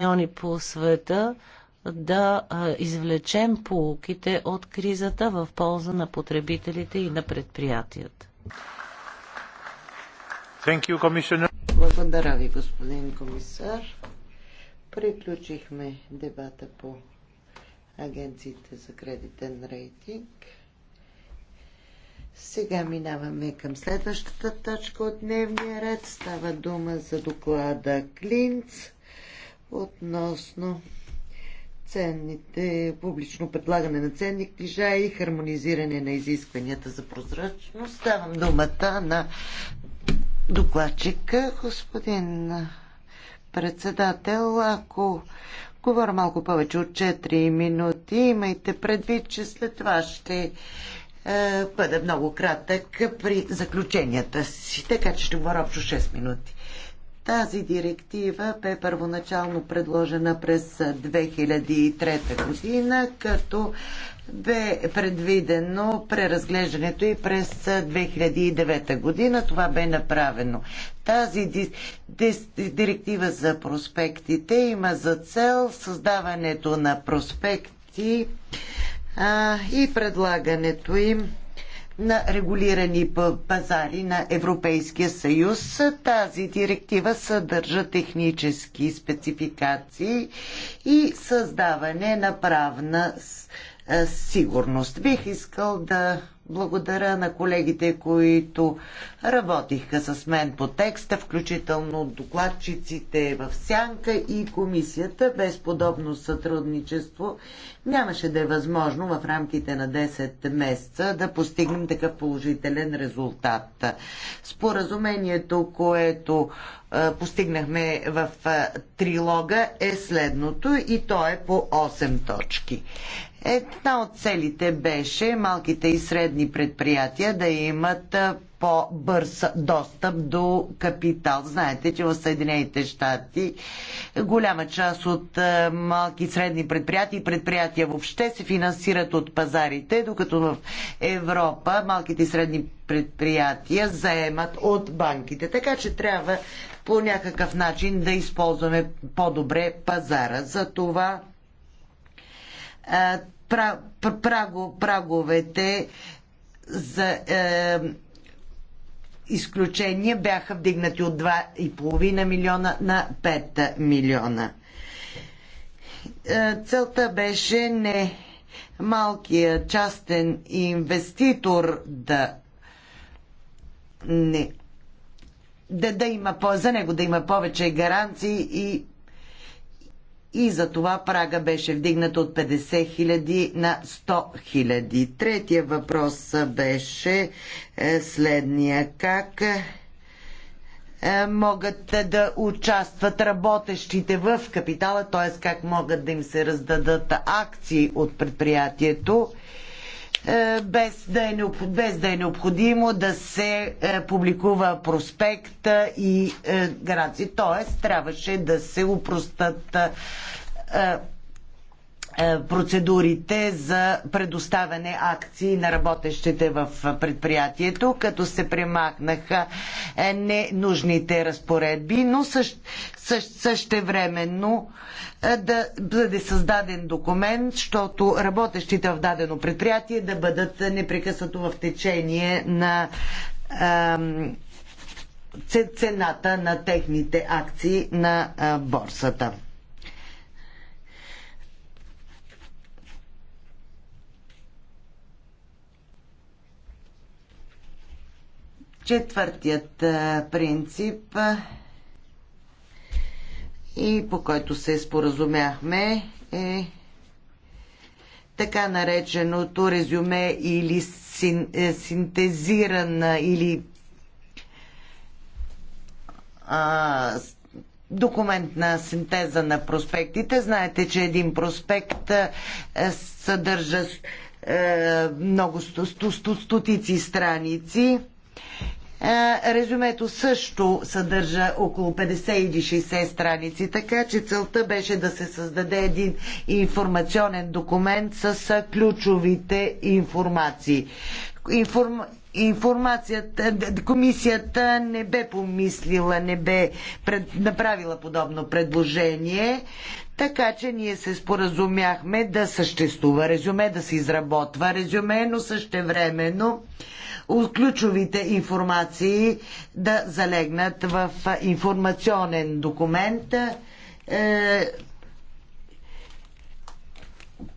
региони по света да извлечем полуките от кризата в полза на потребителите и на предприятията. You, Благодаря ви, господин комисар. Приключихме дебата по агенциите за кредитен рейтинг. Сега минаваме към следващата точка от дневния ред. Става дума за доклада Клинц относно ценните, публично предлагане на ценни книжа и хармонизиране на изискванията за прозрачност. Давам думата на докладчика, господин председател. Ако говоря малко повече от 4 минути, имайте предвид, че след това ще е, бъде много кратък при заключенията си, така че ще говоря общо 6 минути. Тази директива бе първоначално предложена през 2003 година, като бе предвидено преразглеждането и през 2009 година. Това бе направено. Тази директива за проспектите има за цел създаването на проспекти а, и предлагането им на регулирани пазари на Европейския съюз. Тази директива съдържа технически спецификации и създаване на правна е, сигурност. Бих искал да благодаря на колегите, които работиха с мен по текста, включително докладчиците в Сянка и комисията. Без подобно сътрудничество нямаше да е възможно в рамките на 10 месеца да постигнем такъв положителен резултат. Споразумението, което постигнахме в трилога е следното и то е по 8 точки. Една от целите беше малките и средни предприятия да имат по-бърз достъп до капитал. Знаете, че в Съединените щати голяма част от малки и средни предприятия и предприятия въобще се финансират от пазарите, докато в Европа малките и средни предприятия заемат от банките. Така че трябва по някакъв начин да използваме по-добре пазара. За това праговете за е, изключения бяха вдигнати от 2,5 милиона на 5 милиона. Е, целта беше не малкият частен инвеститор да не да, да има, за него да има повече гаранции и и за това прага беше вдигнат от 50 000 на 100 000. Третия въпрос беше е, следния. Как е, е, могат да участват работещите в капитала, т.е. как могат да им се раздадат акции от предприятието е, без да, е, без да е необходимо да се е, публикува проспекта и е, гаранции. Тоест, трябваше да се упростат е, процедурите за предоставяне акции на работещите в предприятието, като се премахнаха е, ненужните разпоредби, но също, същевременно е, да бъде създаден документ, защото работещите в дадено предприятие да бъдат непрекъснато в течение на цената на техните акции на борсата. четвъртият принцип и по който се споразумяхме е така нареченото резюме или син, е, синтезиран или а, документ на синтеза на проспектите. Знаете, че един проспект съдържа много сто, сто, сто, стотици страници Резюмето също съдържа около 50 или 60 страници, така че целта беше да се създаде един информационен документ с ключовите информации. Информ... Информацията, комисията не бе помислила, не бе пред... направила подобно предложение, така че ние се споразумяхме да съществува резюме, да се изработва резюме, но същевременно времено ключовите информации да залегнат в информационен документ е,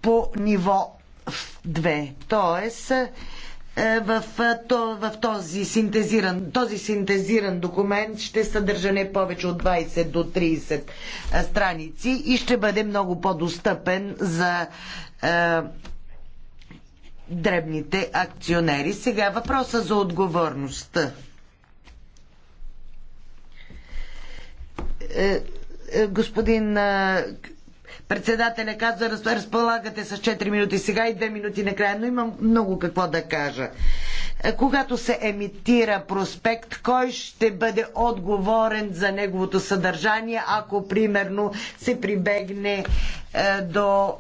по ниво 2. Тоест, е, в, е, в този, синтезиран, този синтезиран документ ще съдържа не повече от 20 до 30 страници и ще бъде много по-достъпен за дребните акционери. Сега е въпроса за отговорността. Е, е, господин председателя каза, разполагате с 4 минути сега и 2 минути накрая, но имам много какво да кажа. Когато се емитира проспект, кой ще бъде отговорен за неговото съдържание, ако примерно се прибегне до.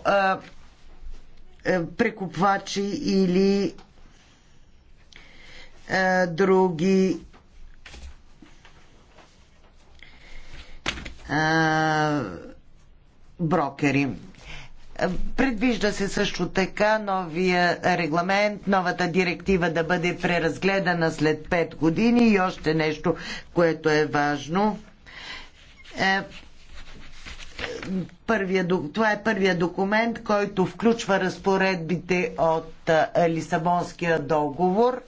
Е, прекупвачи или е, други е, брокери. Предвижда се също така новия регламент, новата директива да бъде преразгледана след 5 години и още нещо, което е важно първия, това е първия документ, който включва разпоредбите от Лисабонския договор.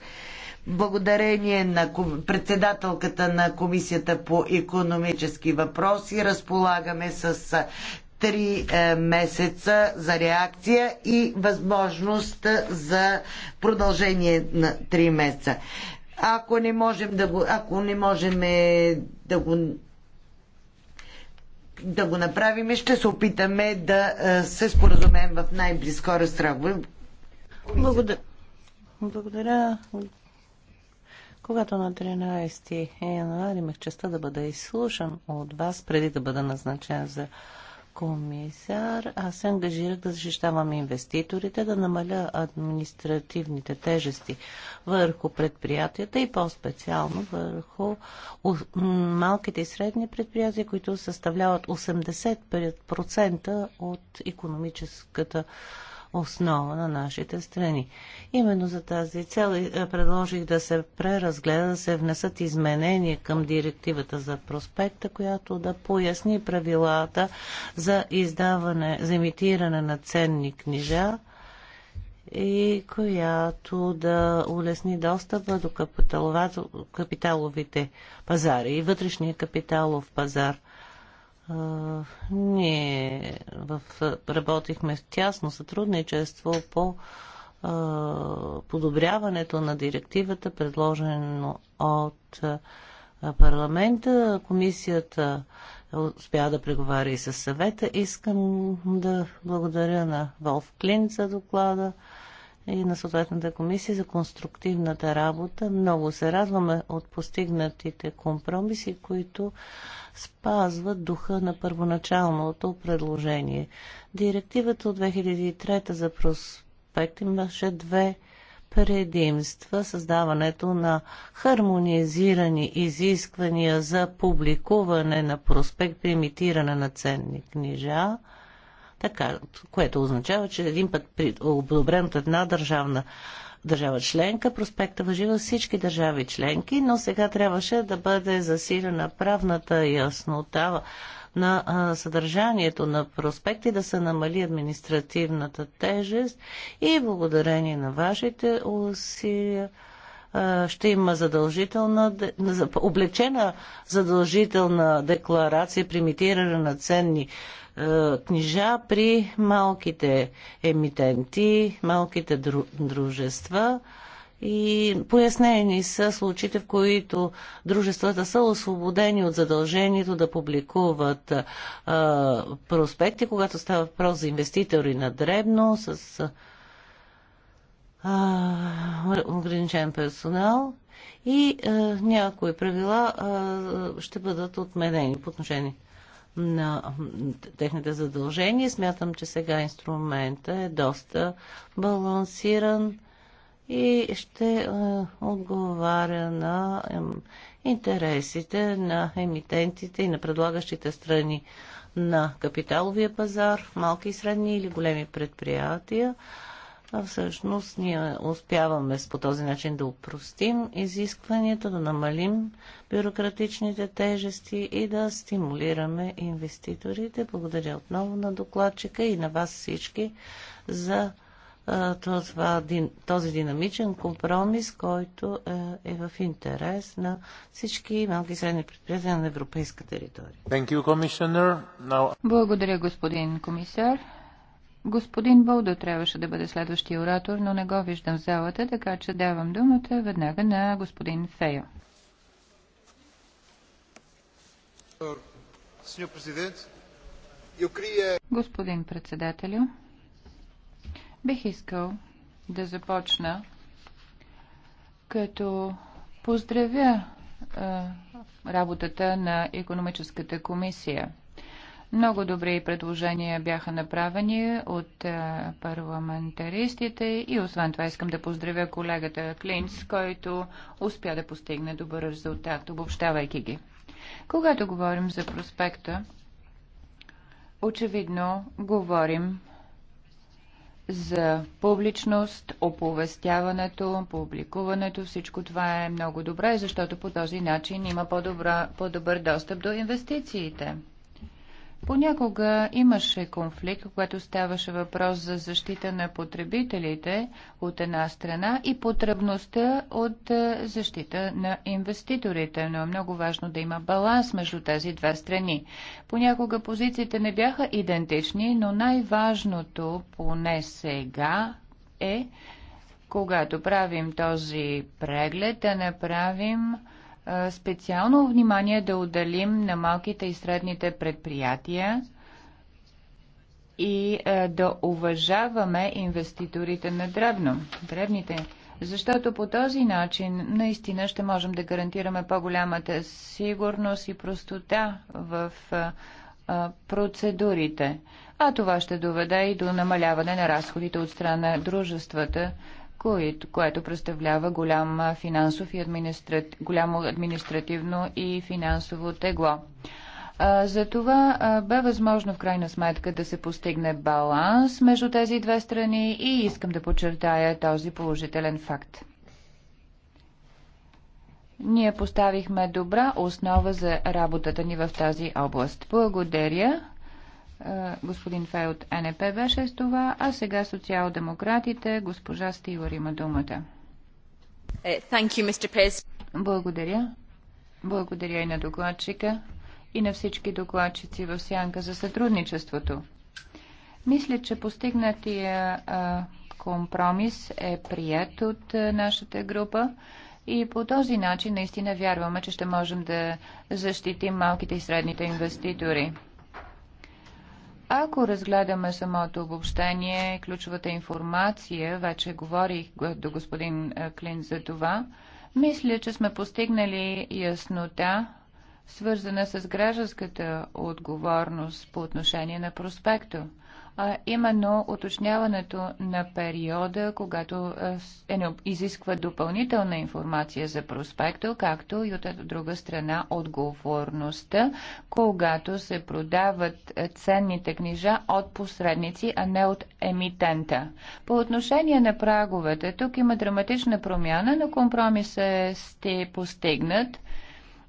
Благодарение на председателката на Комисията по економически въпроси разполагаме с три е, месеца за реакция и възможност за продължение на три месеца. Ако не можем да го, ако не можем да го да го направим. и Ще се опитаме да е, се споразумеем в най-близко срок. Благодаря. Благодаря. Когато на 13 януари имах честа да бъда изслушан от вас, преди да бъда назначен за комисар, аз се ангажирах да защищавам инвеститорите, да намаля административните тежести върху предприятията и по-специално върху малките и средни предприятия, които съставляват 85% от економическата основа на нашите страни. Именно за тази цел е, е, предложих да се преразгледа, да се внесат изменения към директивата за проспекта, която да поясни правилата за издаване, за имитиране на ценни книжа и която да улесни достъпа до капиталовите пазари и вътрешния капиталов пазар ние в, работихме в тясно сътрудничество по подобряването на директивата, предложено от парламента. Комисията успя да преговаря и с съвета. Искам да благодаря на Волф Клин за доклада и на съответната комисия за конструктивната работа. Много се радваме от постигнатите компромиси, които спазват духа на първоначалното предложение. Директивата от 2003 за проспект имаше две предимства създаването на хармонизирани изисквания за публикуване на проспект при имитиране на ценни книжа – така, което означава, че един път при, одобрен от една държавна държава членка, проспекта въжи във всички държави членки, но сега трябваше да бъде засилена правната яснота на а, съдържанието на проспекти, да се намали административната тежест и благодарение на вашите усилия ще има задължителна, облечена задължителна декларация при имитиране на ценни книжа при малките емитенти, малките дружества и пояснени са случаите, в които дружествата са освободени от задължението да публикуват а, проспекти, когато става въпрос за инвеститори на дребно, с ограничен персонал и а, някои правила а, ще бъдат отменени по отношение на техните задължения. Смятам, че сега инструмента е доста балансиран и ще а, отговаря на а, интересите на емитентите и на предлагащите страни на капиталовия пазар, малки и средни или големи предприятия а всъщност ние успяваме по този начин да упростим изискванията, да намалим бюрократичните тежести и да стимулираме инвеститорите. Благодаря отново на докладчика и на вас всички за това, този динамичен компромис, който е в интерес на всички малки и средни предприятия на европейска територия. Благодаря, господин комисар. Господин Болдо трябваше да бъде следващия оратор, но не го виждам в залата, така че давам думата веднага на господин Фейо. Господин председателю, бих искал да започна като поздравя работата на економическата комисия – много добри предложения бяха направени от е, парламентаристите и освен това искам да поздравя колегата Клинц, който успя да постигне добър резултат, обобщавайки ги. Когато говорим за проспекта, очевидно говорим за публичност, оповестяването, публикуването, всичко това е много добре, защото по този начин има по-добър по достъп до инвестициите. Понякога имаше конфликт, когато ставаше въпрос за защита на потребителите от една страна и потребността от защита на инвеститорите, но е много важно да има баланс между тези две страни. Понякога позициите не бяха идентични, но най-важното поне сега е, когато правим този преглед, да направим специално внимание да отделим на малките и средните предприятия и да уважаваме инвеститорите на дребно, дребните, защото по този начин наистина ще можем да гарантираме по-голямата сигурност и простота в процедурите. А това ще доведе и до намаляване на разходите от страна на дружествата което, което представлява голям финансов и администрат, голямо административно и финансово тегло. За това бе възможно в крайна сметка да се постигне баланс между тези две страни и искам да подчертая този положителен факт. Ние поставихме добра основа за работата ни в тази област. Благодаря господин Фей от НП беше с това, а сега социал-демократите, госпожа Стивър има думата. Е, you, Благодаря. Благодаря и на докладчика и на всички докладчици в сянка за сътрудничеството. Мисля, че постигнатия компромис е прият от нашата група и по този начин наистина вярваме, че ще можем да защитим малките и средните инвеститори. Ако разгледаме самото обобщение, ключовата информация, вече говорих до господин е, Клин за това, мисля, че сме постигнали яснота, свързана с гражданската отговорност по отношение на проспекта а именно уточняването на периода, когато е изисква допълнителна информация за проспекта, както и от друга страна отговорността, когато се продават ценните книжа от посредници, а не от емитента. По отношение на праговете, тук има драматична промяна, но компромисът е сте постигнат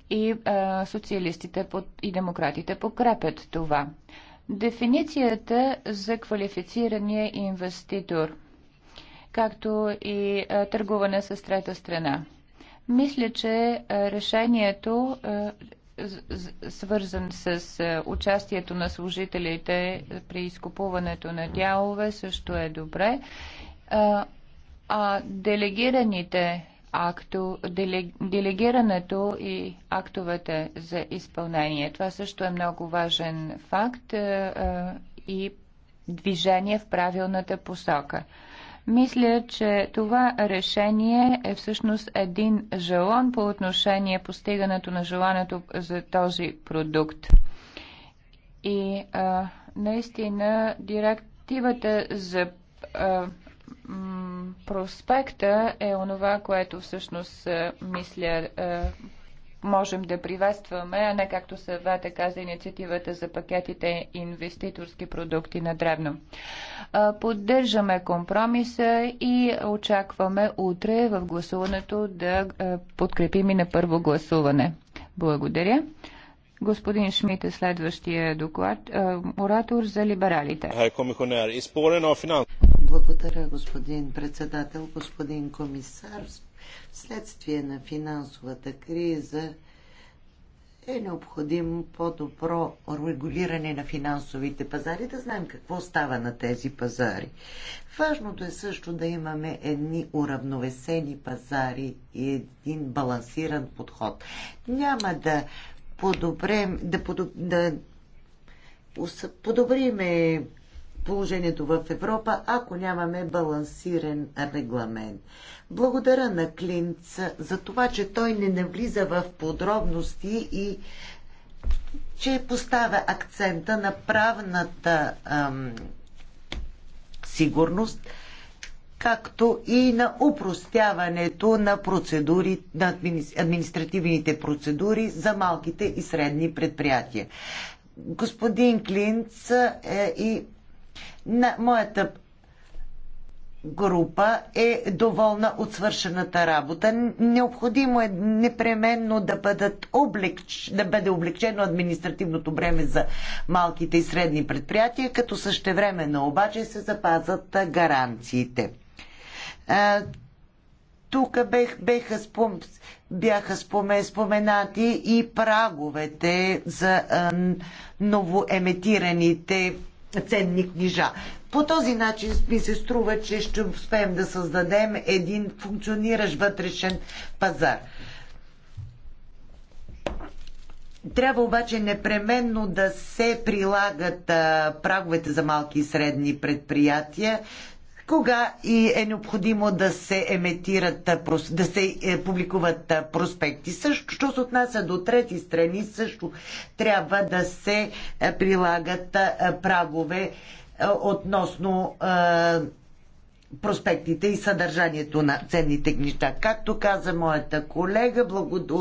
и а, социалистите и демократите покрепят това. Дефиницията за квалифицирания инвеститор, както и търгуване с трета страна. Мисля, че решението свързан с участието на служителите при изкупуването на дялове, също е добре. А делегираните акто, делегирането и актовете за изпълнение. Това също е много важен факт е, е, и движение в правилната посока. Мисля, че това решение е всъщност един жалон по отношение постигането на желанието за този продукт. И а, наистина директивата за а, проспекта е онова, което всъщност е, мисля е, можем да приветстваме, а не както съвета каза инициативата за пакетите инвеститорски продукти на древно. Е, поддържаме компромиса и очакваме утре в гласуването да подкрепим и на първо гласуване. Благодаря. Господин Шмидт е следващия доклад, оратор за либералите. Благодаря, господин председател, господин комисар. Вследствие на финансовата криза е необходимо по-добро регулиране на финансовите пазари, да знаем какво става на тези пазари. Важното е също да имаме едни уравновесени пазари и един балансиран подход. Няма да подобрем, да, подоб, да подобриме положението в Европа, ако нямаме балансиран регламент. Благодаря на Клинц за това, че той не навлиза в подробности и че поставя акцента на правната ам, сигурност, както и на упростяването на, процедури, на административните процедури за малките и средни предприятия. Господин Клинц е, и на моята група е доволна от свършената работа. Необходимо е непременно да, бъдат облегч... да бъде облегчено административното бреме за малките и средни предприятия, като същевременно обаче се запазат гаранциите. Тук бех, беха спом, бяха споме, споменати и праговете за а, новоеметираните ценни книжа. По този начин ми се струва, че ще успеем да създадем един функциониращ вътрешен пазар. Трябва обаче непременно да се прилагат а, праговете за малки и средни предприятия, кога и е необходимо да се емитират, да се е, публикуват е, проспекти. Също, що се отнася до трети страни, също трябва да се е, прилагат прагове относно проспектите и съдържанието на ценните книжа. Както каза моята колега от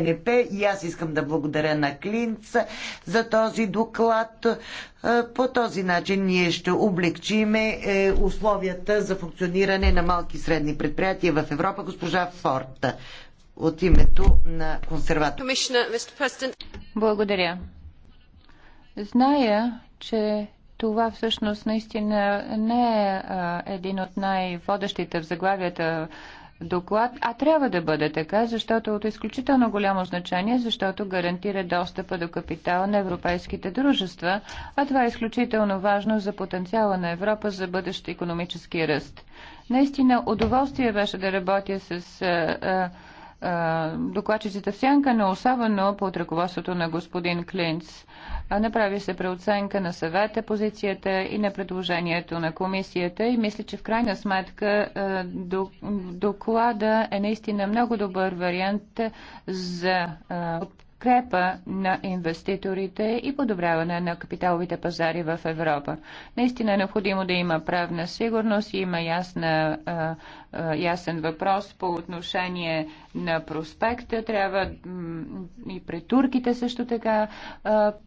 НП, и аз искам да благодаря на Клинц за този доклад. Е, по този начин ние ще облегчиме е, условията за функциониране на малки и средни предприятия в Европа. Госпожа Форд от името на консерваторите. Благодаря. Зная, че това всъщност наистина не е един от най-водещите в заглавията доклад, а трябва да бъде така, защото е от изключително голямо значение, защото гарантира достъпа до капитала на европейските дружества, а това е изключително важно за потенциала на Европа за бъдещ економически ръст. Наистина, удоволствие беше да работя с а, а, докладчиците в сянка, но особено под ръководството на господин Клинц. Направи се преоценка на съвета, позицията и на предложението на комисията и мисля, че в крайна сметка доклада е наистина много добър вариант за подкрепа на инвеститорите и подобряване на капиталовите пазари в Европа. Наистина е необходимо да има правна сигурност и има ясна, ясен въпрос по отношение на проспекта. Трябва и при турките също така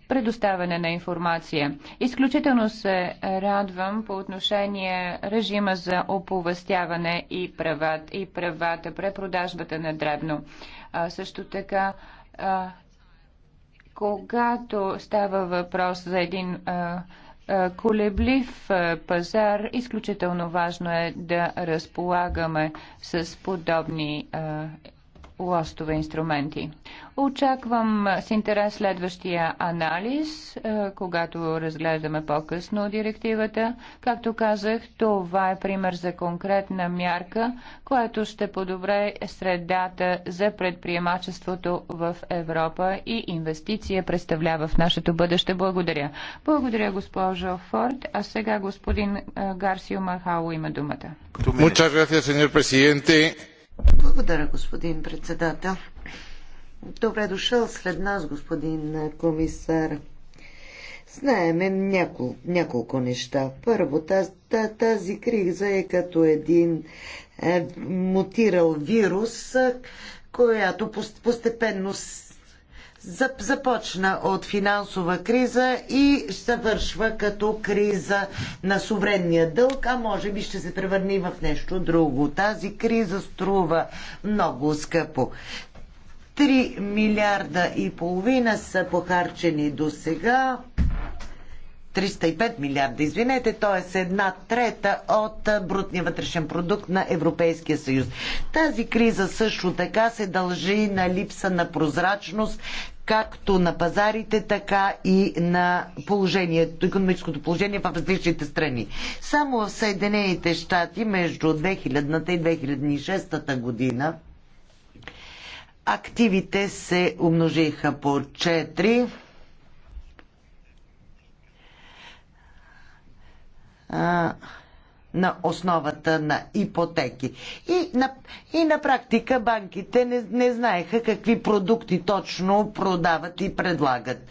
предоставяне на информация. Изключително се радвам по отношение режима за оповестяване и правата, и правата препродажбата на дребно. Също така когато става въпрос за един а, колеблив пазар, изключително важно е да разполагаме с подобни а, лостове инструменти. Очаквам с интерес следващия анализ, е, когато разглеждаме по-късно директивата. Както казах, това е пример за конкретна мярка, която ще подобре средата за предприемачеството в Европа и инвестиция представлява в нашето бъдеще. Благодаря. Благодаря, госпожо Форд. А сега господин е, Гарсио Махао има думата. Muchas gracias, señor presidente. Благодаря, господин председател. Добре дошъл след нас, господин комисар. Знаеме няколко, няколко неща. Първо, тази криза е като един е, мутирал вирус, която постепенно започна от финансова криза и завършва като криза на суверенния дълг, а може би ще се превърне в нещо друго. Тази криза струва много скъпо. 3 милиарда и половина са похарчени до сега, 305 милиарда, извинете, т.е. една трета от брутния вътрешен продукт на Европейския съюз. Тази криза също така се дължи на липса на прозрачност, както на пазарите, така и на положението, економическото положение в различните страни. Само в Съединените щати между 2000-та и 2006-та година активите се умножиха по 4 на основата на ипотеки. И на, и на практика банките не, не знаеха какви продукти точно продават и предлагат.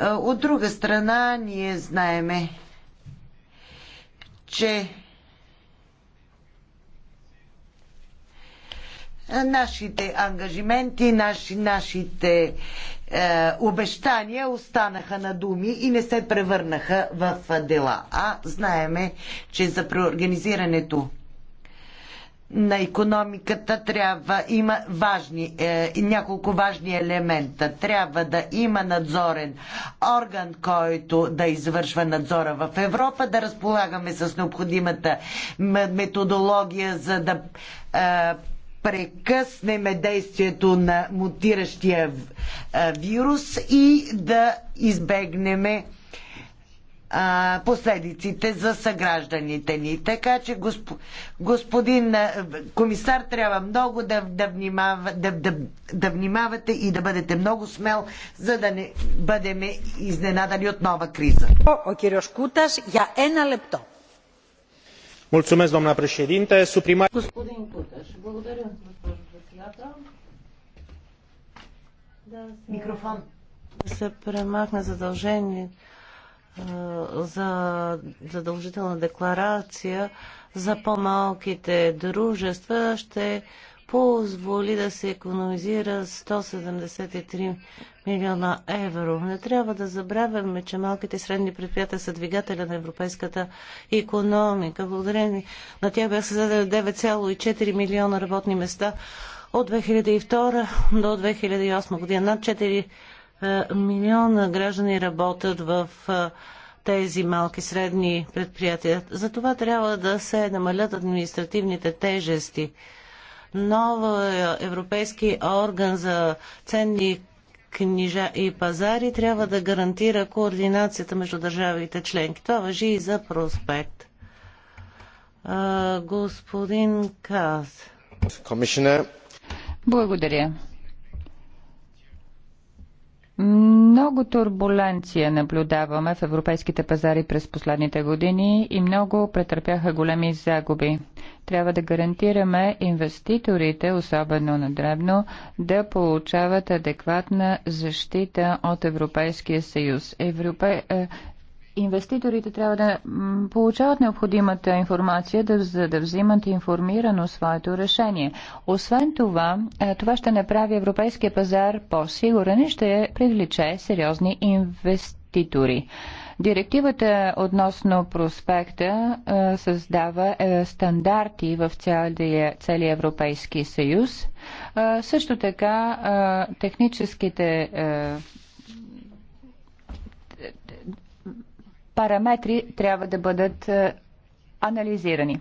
От друга страна, ние знаеме, че нашите ангажименти, наши, нашите е, обещания останаха на думи и не се превърнаха в дела. А знаеме, че за преорганизирането на економиката трябва има важни, е, няколко важни елемента. Трябва да има надзорен орган, който да извършва надзора в Европа, да разполагаме с необходимата методология, за да е, прекъснем действието на мутиращия вирус и да избегнем последиците за съгражданите ни. Така че господин комисар трябва много да, да, внимава, да, да, да внимавате и да бъдете много смел, за да не бъдем изненадани от нова криза. О, о, кирил Шкуташ, я на лепто. Господин Куташ, благодаря, госпожо председател. Микрофон. Да се премахне задължение за задължителна декларация за по-малките дружества ще позволи да се економизира 173 милиона евро. Не трябва да забравяме, че малките и средни предприятия са двигателя на европейската економика. Благодарение на тях бяха създадени 9,4 милиона работни места от 2002 до 2008 година. Над 4 е, милиона граждани работят в е, тези малки средни предприятия. За това трябва да се намалят административните тежести нова европейски орган за ценни книжа и пазари трябва да гарантира координацията между държавите членки. Това въжи и за проспект. А, господин Каз. Благодаря. Много турбуленция наблюдаваме в европейските пазари през последните години и много претърпяха големи загуби. Трябва да гарантираме инвеститорите, особено на дребно, да получават адекватна защита от Европейския съюз. Европе инвеститорите трябва да получават необходимата информация, да, за да взимат информирано своето решение. Освен това, е, това ще направи европейския пазар по-сигурен и ще привлече сериозни инвеститори. Директивата относно проспекта е, създава е, стандарти в целия, целия Европейски съюз. Също така техническите параметри трябва да бъдат е, анализирани.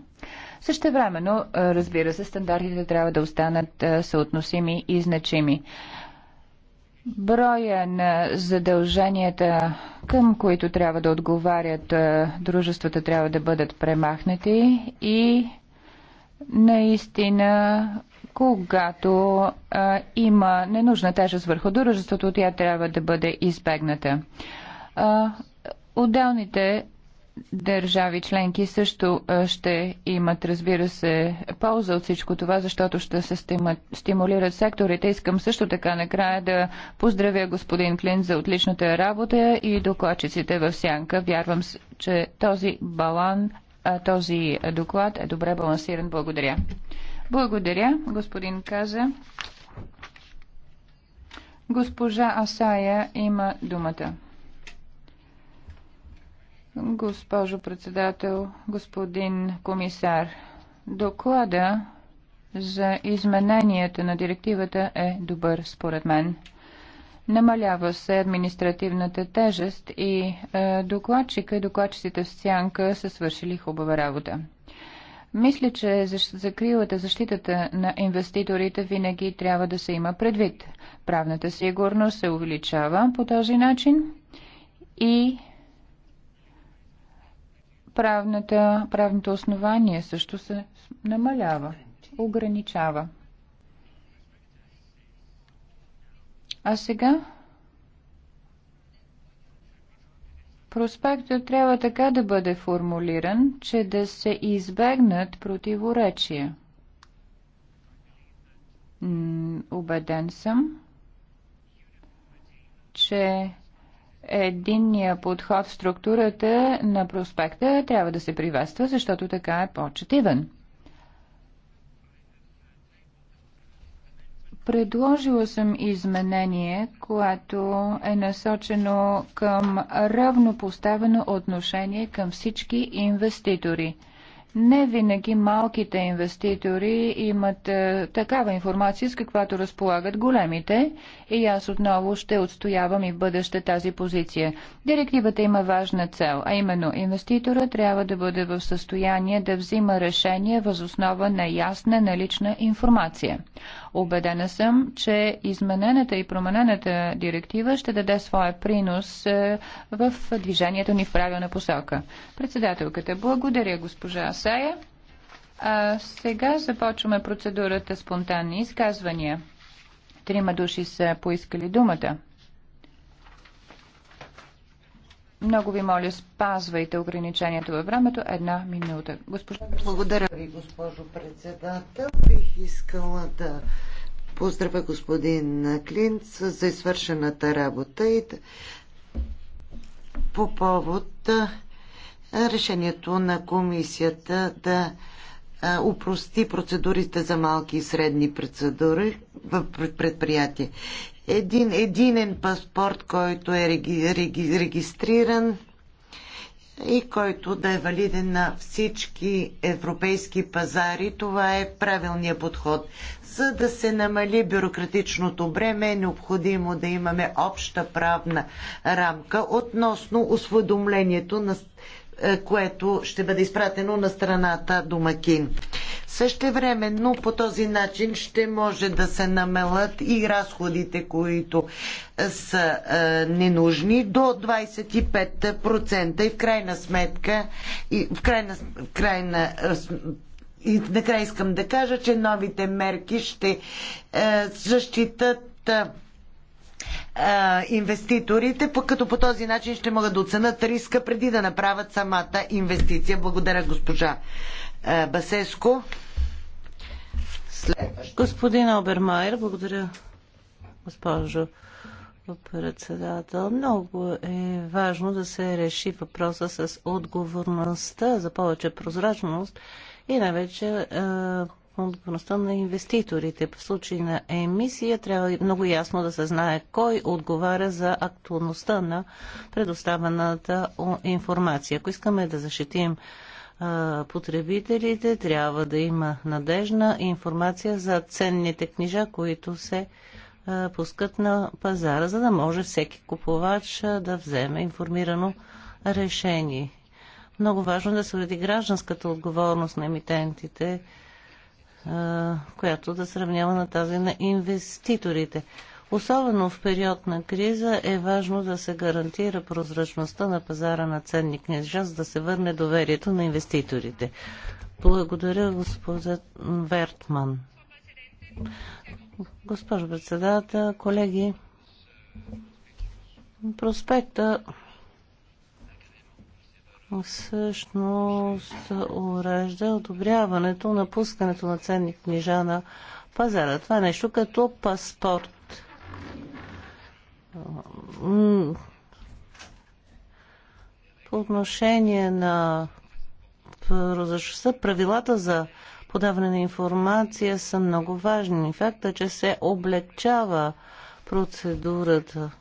Също времено, е, разбира се, стандартите трябва да останат е, съотносими и значими. Броя на задълженията, към които трябва да отговарят дружествата, трябва да бъдат премахнати и наистина, когато а, има ненужна тежест върху дружеството, тя трябва да бъде избегната. А, Отделните държави членки също ще имат, разбира се, полза от всичко това, защото ще се стимулират секторите. Искам също така накрая да поздравя господин Клин за отличната работа и докладчиците в сянка. Вярвам, че този балан, този доклад е добре балансиран. Благодаря. Благодаря, господин Каза. Госпожа Асая има думата. Госпожо председател, господин комисар, доклада за измененията на директивата е добър според мен. Намалява се административната тежест и е, докладчика и докладчиците в сянка са свършили хубава работа. Мисля, че закрилата защитата на инвеститорите винаги трябва да се има предвид. Правната сигурност се увеличава по този начин и правната, правното основание също се намалява, ограничава. А сега проспектът трябва така да бъде формулиран, че да се избегнат противоречия. М- убеден съм, че Единният подход в структурата на проспекта трябва да се приветства, защото така е по-четивен. Предложила съм изменение, което е насочено към равнопоставено отношение към всички инвеститори – не винаги малките инвеститори имат е, такава информация, с каквато разполагат големите и аз отново ще отстоявам и в бъдеще тази позиция. Директивата има важна цел, а именно инвеститора трябва да бъде в състояние да взима решение възоснова на ясна налична информация. Обедена съм, че изменената и променената директива ще даде своя принос е, в движението ни в правилна посока. Председателката, благодаря госпожа Асая. А сега започваме процедурата спонтанни изказвания. Трима души са поискали думата. Много ви моля, спазвайте ограничението във времето. Една минута. Госпожа... Благодаря ви, госпожо председател. Бих искала да поздравя господин Клинц за извършената работа и по повод решението на комисията да упрости процедурите за малки и средни процедури в предприятия един единен паспорт, който е реги, реги, регистриран и който да е валиден на всички европейски пазари. Това е правилният подход. За да се намали бюрократичното бреме, е необходимо да имаме обща правна рамка относно осведомлението на е, което ще бъде изпратено на страната Домакин. Същевременно по този начин ще може да се намалят и разходите, които е, са е, ненужни до 25% и в крайна сметка и в крайна, в крайна е, и накрая искам да кажа, че новите мерки ще е, защитат е, инвеститорите, пък като по този начин ще могат да оценят риска преди да направят самата инвестиция. Благодаря, госпожа а, Басеско. Следващо. Господин Обермайер, благодаря, госпожо председател. Много е важно да се реши въпроса с отговорността за повече прозрачност и най-вече отговорността на инвеститорите. В случай на емисия трябва много ясно да се знае кой отговаря за актуалността на предоставената информация. Ако искаме да защитим потребителите, трябва да има надежна информация за ценните книжа, които се пускат на пазара, за да може всеки купувач да вземе информирано решение. Много важно е да се уреди гражданската отговорност на емитентите която да сравнява на тази на инвеститорите. Особено в период на криза е важно да се гарантира прозрачността на пазара на ценни книжа, за да се върне доверието на инвеститорите. Благодаря, госпожа Вертман. Госпожо председател, колеги, проспекта всъщност урежда одобряването на пускането на ценни книжа на пазара. Това е нещо като паспорт. По отношение на прозрачността, правилата за подаване на информация са много важни. Факта, че се облегчава процедурата,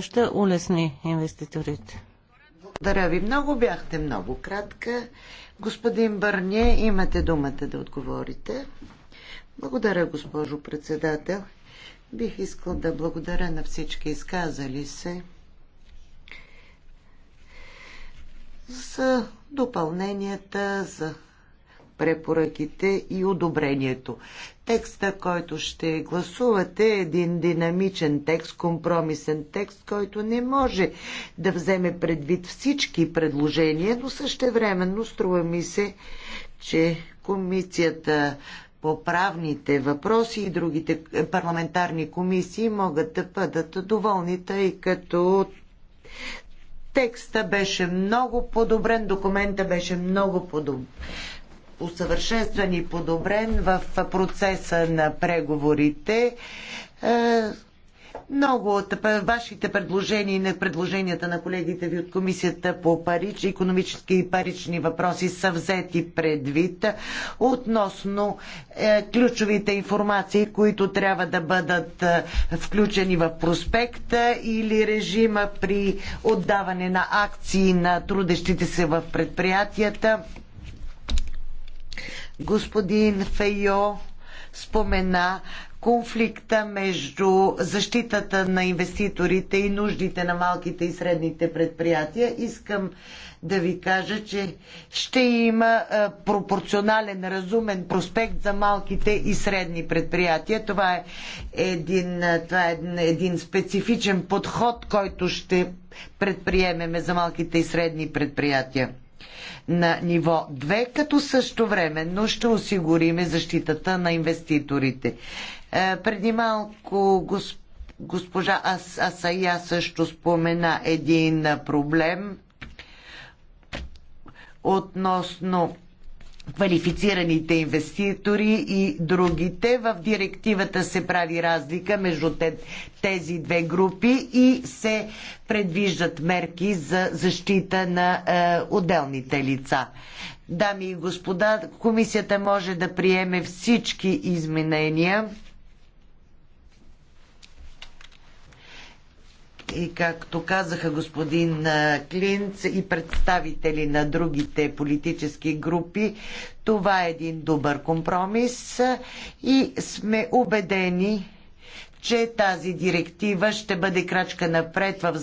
ще улесни инвеститорите. Благодаря ви много, бяхте много кратка. Господин Бърне, имате думата да отговорите. Благодаря, госпожо председател. Бих искал да благодаря на всички изказали се за допълненията, за препоръките и одобрението. Текста, който ще гласувате, е един динамичен текст, компромисен текст, който не може да вземе предвид всички предложения, но същевременно струва ми се, че комисията по правните въпроси и другите парламентарни комисии могат да бъдат доволни, тъй като текста беше много подобрен, документа беше много подобрен усъвършенстван и подобрен в процеса на преговорите. Е, много от вашите предложения и на предложенията на колегите ви от Комисията по парич, економически и парични въпроси са взети предвид относно е, ключовите информации, които трябва да бъдат е, включени в проспекта или режима при отдаване на акции на трудещите се в предприятията. Господин Фейо спомена конфликта между защитата на инвеститорите и нуждите на малките и средните предприятия. Искам да ви кажа, че ще има пропорционален, разумен проспект за малките и средни предприятия. Това е един, това е един, един специфичен подход, който ще предприемеме за малките и средни предприятия на ниво 2, като същевременно ще осигуриме защитата на инвеститорите. Е, преди малко госпожа Ас... Асая също спомена един проблем относно квалифицираните инвеститори и другите. В директивата се прави разлика между тези две групи и се предвиждат мерки за защита на е, отделните лица. Дами и господа, комисията може да приеме всички изменения и както казаха господин Клинц и представители на другите политически групи, това е един добър компромис и сме убедени, че тази директива ще бъде крачка напред в,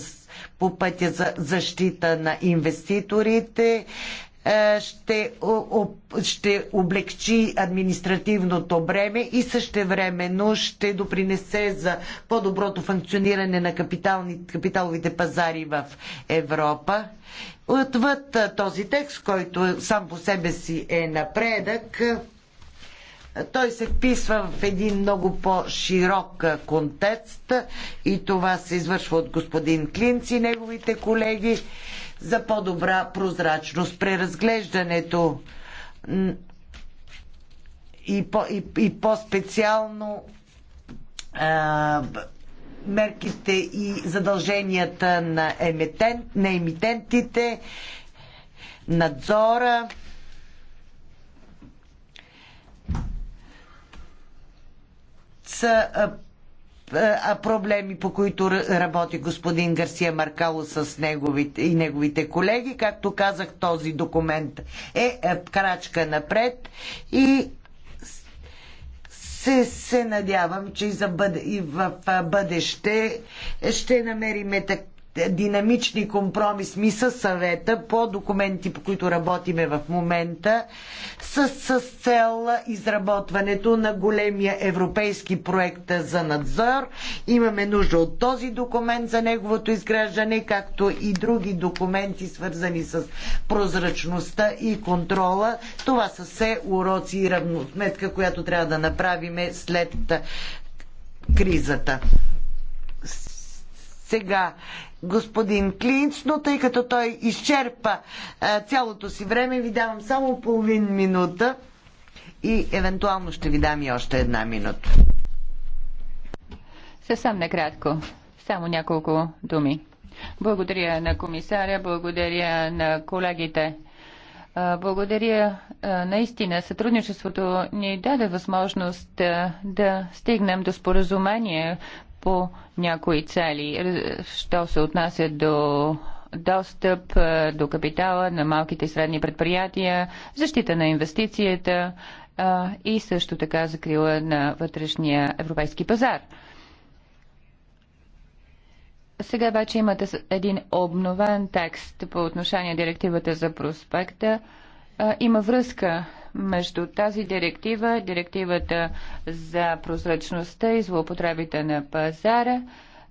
по пътя за защита на инвеститорите, е, ще, ще облегчи административното бреме и същевременно ще допринесе за по-доброто функциониране на капиталовите пазари в Европа. Отвъд е, този текст, който сам по себе си е напредък, е, той се вписва в един много по-широк контекст и това се извършва от господин Клинц и неговите колеги за по-добра прозрачност. Преразглеждането и, по, и, и по-специално мерките и задълженията на, емитент, на емитентите, надзора. са е, проблеми, по които работи господин Гарсия Маркало с неговите, и неговите колеги. Както казах, този документ е, е крачка напред и се, се надявам, че и, за бъде, и в бъдеще ще намериме така динамични ми с съвета по документи, по които работиме в момента, с, с цел изработването на големия европейски проект за надзор. Имаме нужда от този документ за неговото изграждане, както и други документи, свързани с прозрачността и контрола. Това са все уроци и равносметка, която трябва да направиме след кризата. Сега господин Клинц, но тъй като той изчерпа а, цялото си време, ви давам само половин минута и евентуално ще ви дам и още една минута. Съвсем накратко, само няколко думи. Благодаря на комисаря, благодаря на колегите. Благодаря. Наистина, сътрудничеството ни даде възможност да, да стигнем до споразумение по някои цели, що се отнася до достъп е, до капитала на малките и средни предприятия, защита на инвестицията е, и също така закрила на вътрешния европейски пазар. Сега вече имате един обновен текст по отношение на директивата за проспекта. Е, има връзка между тази директива, директивата за прозрачността и злоупотребите на пазара.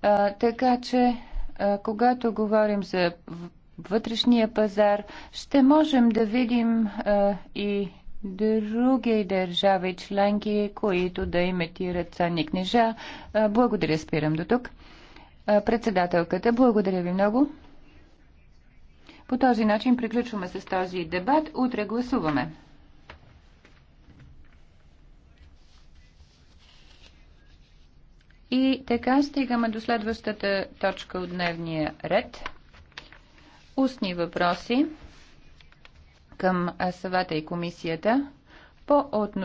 А, така че, а, когато говорим за вътрешния пазар, ще можем да видим а, и други държави членки, които да имитират ценни книжа. А, благодаря, спирам до тук. А, председателката, благодаря ви много. По този начин приключваме с този дебат. Утре гласуваме. И така стигаме до следващата точка от дневния ред. Устни въпроси към съвета и комисията по отношение